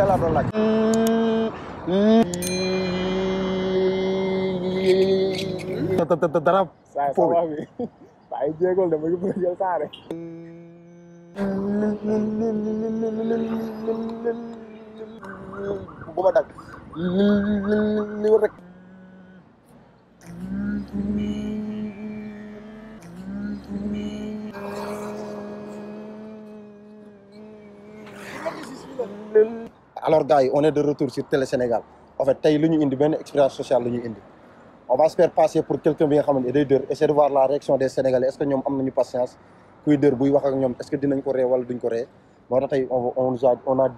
పేలాడో dara foofu waaye jéegol dama ngi bëgg a jël saare bu ma dag li war alors gars yi on est de retour sur Télé Sénégal en fait tey lu ñu indi benn expérience sociale lu ñu indi on va se passer pour quelqu'un bi nga xamante ne day dër de voir la réaction des Sénégalais est-ce que ñoom am nañu patience kuy dër buy wax ak ñoom est-ce que dinañ ko ree wala duñ ko ree moo tax tey on on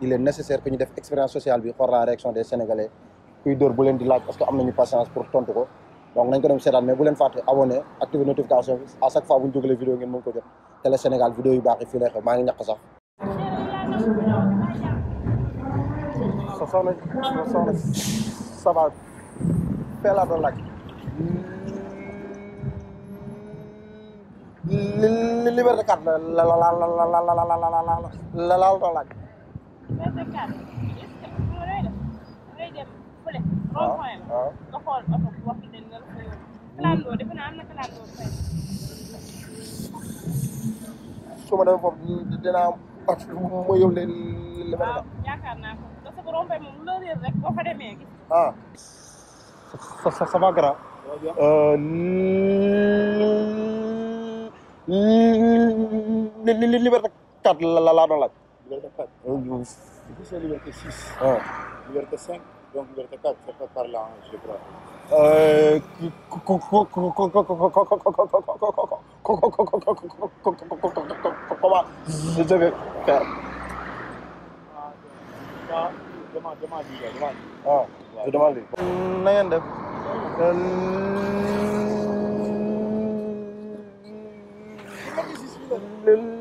il est nécessaire que ñu def expérience sociale bi xool la réaction des Sénégalais kuy dër bu leen di laaj parce que am nañu ñu jógalee soxna soxna Saba fee laa doon laaj li liberté carte la la la la la la la la la la doon laaj. liberté carte su ma demee foofu dinaa am parce que mu yóbbu leen liberté carte affaire moom loo réer rek boo fa demee gis. ah. sa sa sa va grand. liberté 4 la la laa doon laaj. liberté 4. bu gisee liberté 6. ah liberté 5 donc liberté 4 ça fait par là je crois. comment je devais faire. waaw te dama lii. na ngeen def.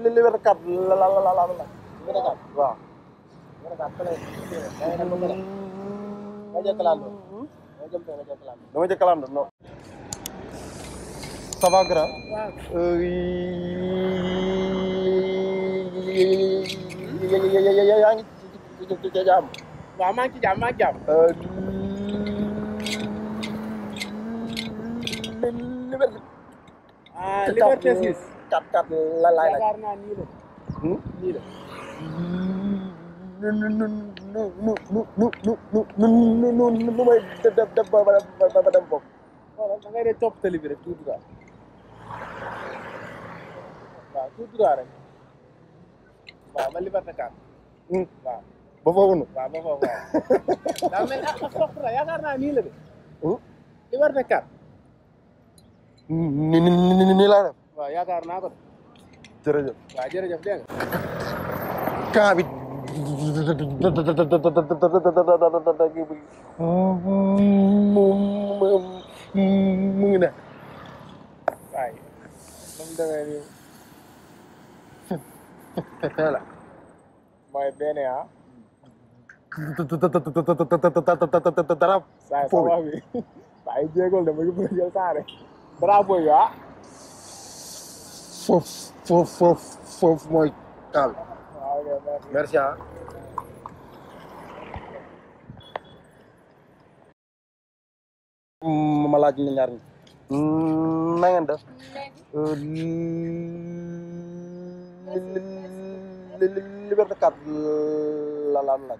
li li wér kàddu la la la la la la. waaw. dama jëkk laal non. ça va grand. yaa ngi ci ci ci jàmm. waaw maa ngi ci jàmm maa ngi jàmm. liberté. ah liberté 6. 4 4 la laay laaj yaakaar naa nii la. nii la. nu nu nu nu nu nu nu nu nu nu may def def ba ba ba dem foofu. voilà da ngay de topp tali bi rek tout droit. waaw tout droit rek. waaw ba liberté 4. Hmm? waaw. ba foofu nu waaw ba foofu waaw daa mel ni waxtu la yaakaar naa nii la de oh. liberté quatre ni ni ni laa def waaw naa ko de jërëjëf waaw jërëjëf dégg nga camp bi mu ngi ne waay comme demee nii dara. saa sa wax bi waaye jéegol de ma ngi bëgg a jël saa rek drapeau yi ah. foofu foofu foofu foofu mooy taal. merci ah. ma laaj ñu ñaar ñi. na ngeen def. liberté carte la laaj.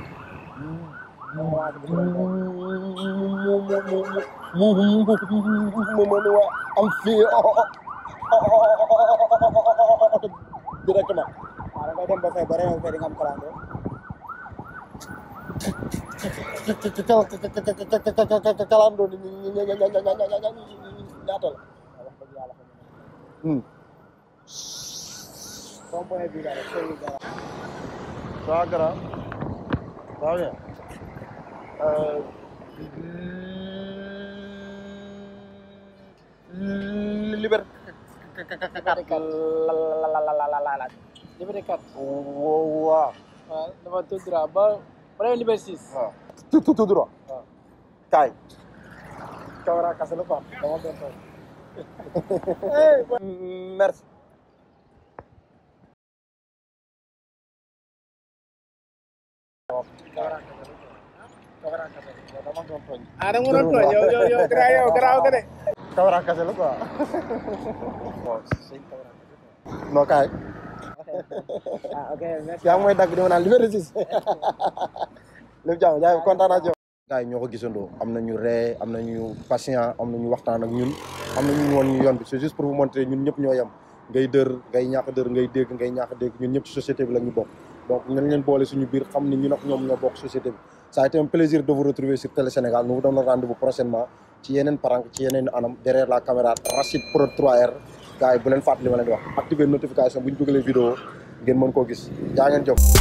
am fii directement. waaw da ngay dem ba fay ba réew mi di nga am kalaandoo. kalaandoo ñaata la. rond-point bi daal. ça va. liberté kat laaj liberté kat waaw waaw ba ba demee liberté six waaw tout tout droit waaw kaay kawara kasa merci ah da nga doon tooñ yow yow yow garaaw yow garaaw ga de. Kawara kase la quoi. dagg di ma naan Liberté 6. lépp jàmm jaay kontaan naa ci gars yi ñoo ko gisandoo am na ree am patient am nañu waxtaan ak ñun am nañu woon ñu yoon bi c'est juste pour vous montrer ñun ñëpp ñoo ngay dër ngay ñàkk dër ngay dégg ngay ñàkk dégg ñun ñëpp ci société bi la ñu bokk donc nañ leen boole suñu biir xam ni ñun ak ñoom ñoo bokk société ça a été un plaisir de vous retrouver Télé Sénégal nous vous donnons rendez-vous prochainement ci yeneen parank ci yeneen anam derrière la caméra Rachid Pro 3R gars yi bu ma leen wax activer notification bu vidéo ngeen mën gis jaa ngeen jëf